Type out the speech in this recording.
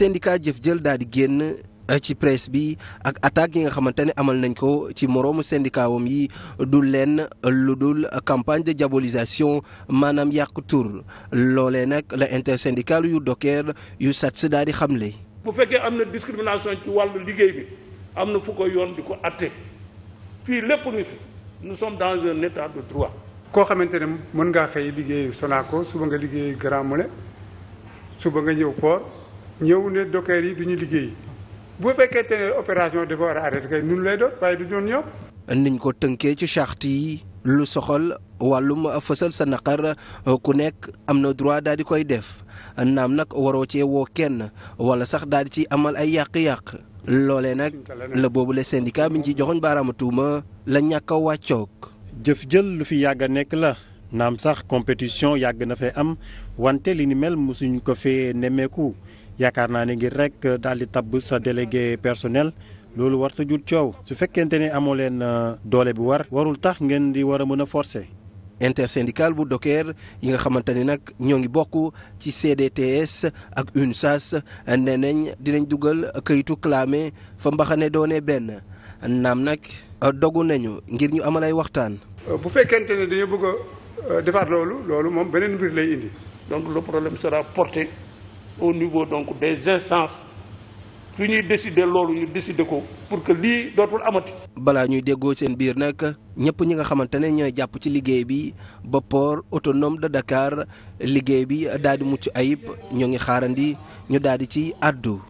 syndicat jëf jël daal di génn eh, ci presse bi ak attaque yi nga xamante ne amal nañ ko ci moroomu syndicat wam yi du lenn lu dul campagne de diabolisation maanaam yàq tur loolee nag la intersyndical yu docker yu SATS daal di xam xamle. bu fekkee am na discrimination ci wàllu liggéey bi am na fu ko yoon di ko atte fii lépp ngi fi nous sommes dans un état de droit. koo xamante ne mën ngaa xëy liggéeyu Sonaco suba nga liggéey Grand Moulin suba nga ñëw port. ñëw ne docker yi du ñu liggéey bu fekkente opération dafa war a arrêté kay nun du doon ñoom. niñ ko tënkee ci charte yi lu soxal wàllum fësal sa naqar ku nekk am na droit daal di koy def naam nag waroo cee woo kenn wala sax daal di ciy amal ay yàq-yàq loolee nag la boobule syndicat mi ngi ciy joxoñ baaraama tuuma la ñàkk a jëf jël lu fi yàgg a nekk la naam sax compétition yàgg na fee am wante li ni mel mosuñ ko fee nemmeeku. yaakaar naa ne ngir rek daal di tabb sa délégué personnel loolu war ta jur coow su fekkente ne amoo leen euh, doole bu war warul tax ngeen di war a mën a forcer. intersyndical bu docker yi nga xamante ni nag ñoo ngi bokk ci CDTS ak UNSAS nee nañ dinañ dugal kayitu clamé fa mbaxane doone benn naam nag dogu nañu ngir ñu amal ay waxtaan. bu fekkente ne dañoo bëgg euh, defaat loolu loolu moom beneen mbir lay indi. donc le problème sera porté. au niveau donc des instances su ñuy décider loolu ñu décider ko pour que lii dootul amati. balaa ñuy déggoo seen biir nag ñëpp ñi nga xamante ne ñooy jàpp ci liggéey bi ba port autonome de Dakar liggéey bi daal di mucc ayib ñoo ngi xaarandi ñu daal di ci àddu.